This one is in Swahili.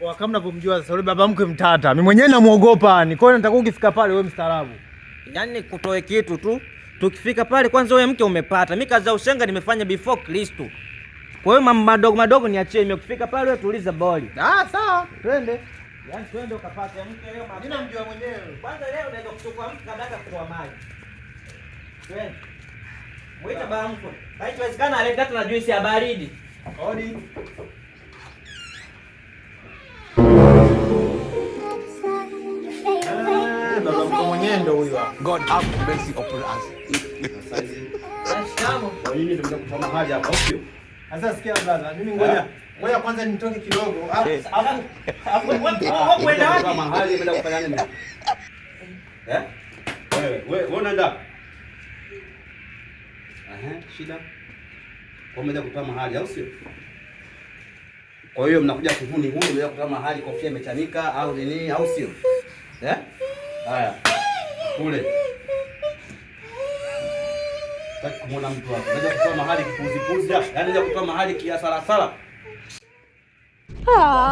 Kwa kama unavyomjua sasa yule baba mkwe mtata. Mimi mwenyewe namuogopa. Ni kwa nataka ukifika pale wewe mstaarabu. Yaani kutoe kitu tu. Tukifika pale kwanza wewe mke umepata. Mimi kazi za ushenga nimefanya before Kristo. Kwa hiyo mambo madogo madogo niachie mimi. Ukifika pale wewe tuliza boli. Ah, sawa. Twende. Yaani twende ukapate mke leo mapema. Mimi namjua mwenyewe. Kwanza leo naenda kuchukua mke kadaka kutoa maji. Twende. Mwita baba mkwe. Haiwezekana aleta na juisi ya baridi. Odi. Manyendo huyo. God have mercy upon us. Sasa sikia brother, mimi ngoja ah. ngoja kwanza nitoke kidogo. Eh. Eh. kwenda wapi? kufanya nini? Eh? eh? Wewe wewe unaenda? Aha, shida. Kwa kutoa mahali au sio? Kwa hiyo mnakuja mnakuja kutoa mahali, kofia imechanika au nini au sio? Eh? Haya kule. Nataka kumwona mtu hapo. Unaweza kutoa mahali kipuzi puzi, yaani unaweza kutoa mahali kiasara sara. Ah.